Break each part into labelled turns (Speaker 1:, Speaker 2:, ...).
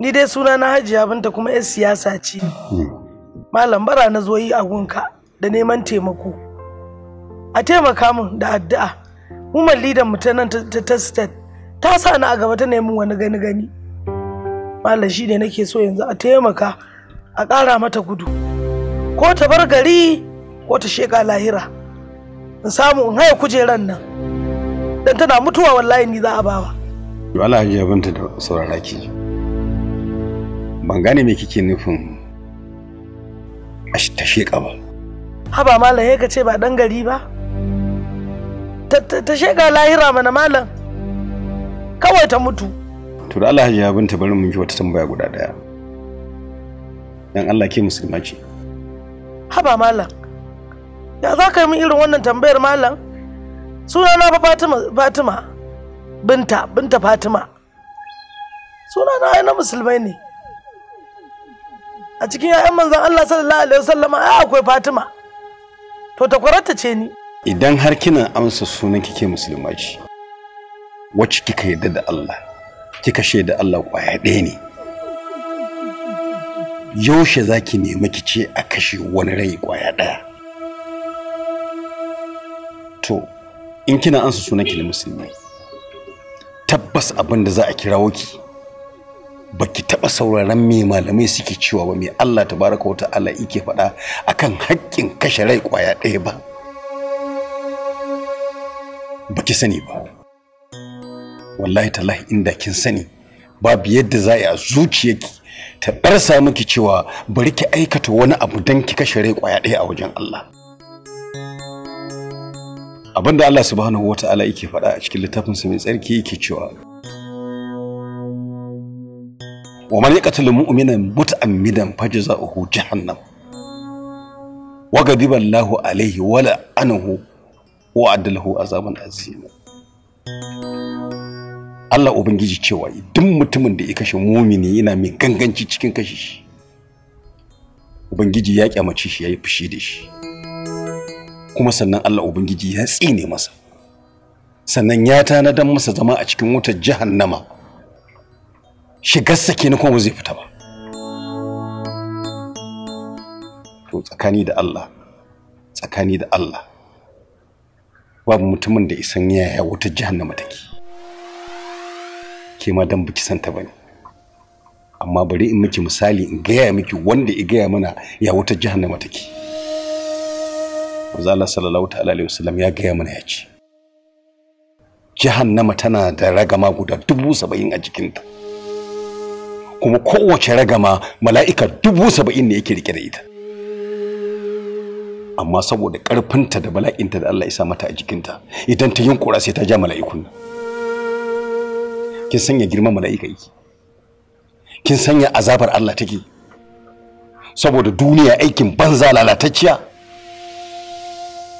Speaker 1: Ni dai suna na Hajiya Binta kuma 'yan siyasa ce. Malam bara na zo yi a gunka da neman taimako. A taimaka min da addu'a. muman lidan mu ta nan ta state ta sa ni a gaba ta neman wani gani gani. Malam shi ne nake so yanzu a taimaka a ƙara mata gudu. Ko ta bar gari ko ta sheƙa lahira. In samu in haya kujeran nan. dan tana mutuwa wallahi ni za a bawa
Speaker 2: wala ya binta da saurara ki ban gane me kike nufin ta sheka ba
Speaker 1: haba malam ya kace ba dan gari ba ta sheka lahira mana malam kawai ta mutu
Speaker 2: to da Allah ya binta bari mun ji wata tambaya guda daya dan Allah ke musulma ce
Speaker 1: haba malam ya za ka yi min irin wannan tambayar malam sunana fa fatima fatima binta binta fatima sunana ai na musulmai ne a cikin 'ya'yan manzan allah sallallahu alaihi wasallama ai akwai fatima to ta kwararta ce ni
Speaker 2: idan har kina amsa sunan kike musulma ce wacce kika yadda da allah kika shaida allah kwaya ɗaya ne yaushe za ki nemi ki ce a kashe wani rai kwaya ɗaya in kina ansa sunan ki na musulmi tabbas abin da za a kirawo ki baki taba sauraron me malamai suke cewa ba me Allah tabaraka wata ta'ala yake faɗa akan haƙƙin kashe rai kwaya ɗaya ba baki sani ba wallahi tallahi inda kin sani babu yadda za a zuciyarki ta ɗarsa miki cewa bari ki aikata wani abu don ki kashe rai kwaya ɗaya a wajen Allah abinda Allah subhanahu ta'ala yake faɗa a cikin littafinsa mai tsarki yake cewa wa man yaqtul mu'mina muta'ammidan fajza'uhu jahannam wa ghadiba Allahu alayhi wa la'anahu wa adalahu azaban azima Allah ubangiji cewa duk mutumin da ya kashe mumini yana mai ganganci cikin kashe shi ubangiji ya kyamace shi ya yi fushi da shi kuma sannan Allah Ubangiji ya tsine masa sannan ya tanadan masa zama a cikin wutar jahannama shigarsa na kuma zai fita ba to tsakani da Allah tsakani da Allah babu mutumin da isan yaya wutar jahannama take ke ma dan biki santa bane amma bari in miki misali in gaya miki wanda ya gaya mana ya wutar jahannama take manzo Allah sallallahu ta'ala alaihi wasallam ya gaya mana ya ce jahannama tana da ragama guda dubu saba'in a jikinta kuma kowace ragama mala'ika dubu saba'in ne yake rike da ita amma saboda ƙarfinta da bala'inta da Allah ya sa mata a jikinta idan ta yunkura sai ta ja mala'ikun nan kin sanya girman mala'ika yake kin sanya azabar Allah take saboda duniya aikin banza lalatacciya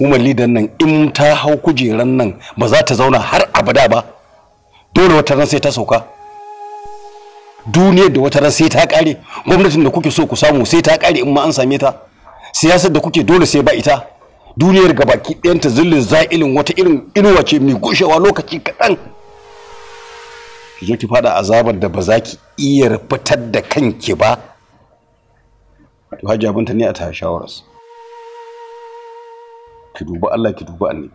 Speaker 2: umar lidan nan in ta hau kujeran nan ba za ta zauna har abada ba dole wata ran sai ta sauka duniyar da wata ran sai ta kare gwamnatin da kuke so ku samu sai ta kare in ma an same ta siyasar da kuke dole sai ba ita duniyar ga baki ɗayanta zillin za'ilin wata irin inuwa ce mai gushewa lokaci kaɗan ki zo ki fada azabar da ba za ki iya fitar da kanki ba to hajji ne a ta shawararsa ki duba Allah ki duba annabi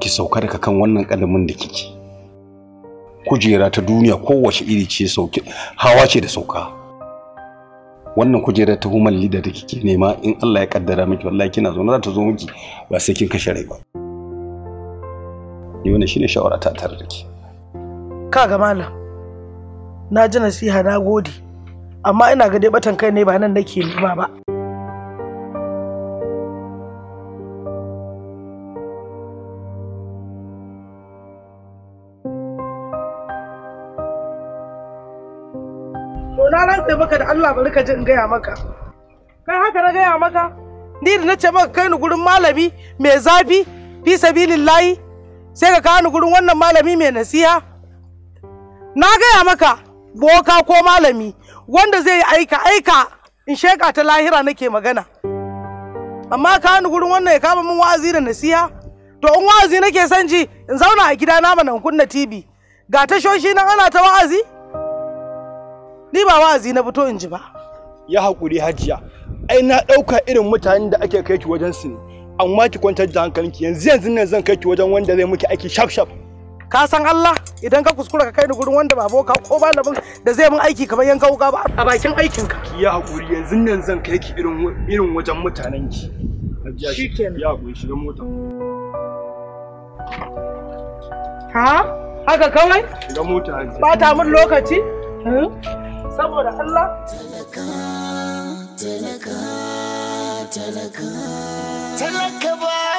Speaker 2: ki sauka daga kan wannan kalamin da kike kujera ta duniya kowace iri ce sauki hawa ce da sauka wannan kujera ta human leader da kike nema in Allah ya kaddara miki wallahi kina zo na za ta zo miki ba sai kin kashe rai ba ni wannan shine shawara ta tare da ki
Speaker 1: ka malam na ji nasiha na gode amma ina ga dai batan kai ne ba nan nake nema ba na rantsa maka da Allah bari ka ji in gaya maka kai haka na gaya maka ni da na ce maka kai ni gurin malami mai zafi fi layi, sai ka kawo ni gurin wannan malami mai nasiha na gaya maka boka ko malami wanda zai yi aika aika in sheka ta lahira nake magana amma ka ni gurin wannan ya kama min wa'azi da nasiha to in wa'azi nake son ji in zauna a gida na mana kunna TV ga tashoshi nan ana ta wa'azi
Speaker 2: ni ba wa'azi na fito in ji ba ya haƙuri hajiya ai na ɗauka irin mutanen da ake kai ki wajen su ne amma ki kwantar da hankalinki yanzu yanzu nan zan kai ki wajen wanda zai miki
Speaker 1: aiki shaf shaf ka san Allah idan ka kuskura ka kai ni gurin wanda babo ka ko malamin da zai min aiki kamar yanka wuka ba a bakin aikin
Speaker 2: ka ki ya haƙuri yanzu nan zan kai ki irin irin wajen mutanen ki shikenan ya haƙuri shiga mota ha haka kawai shiga mota ba ta min lokaci
Speaker 1: saboda Allah talaka talaka talaka talaka ba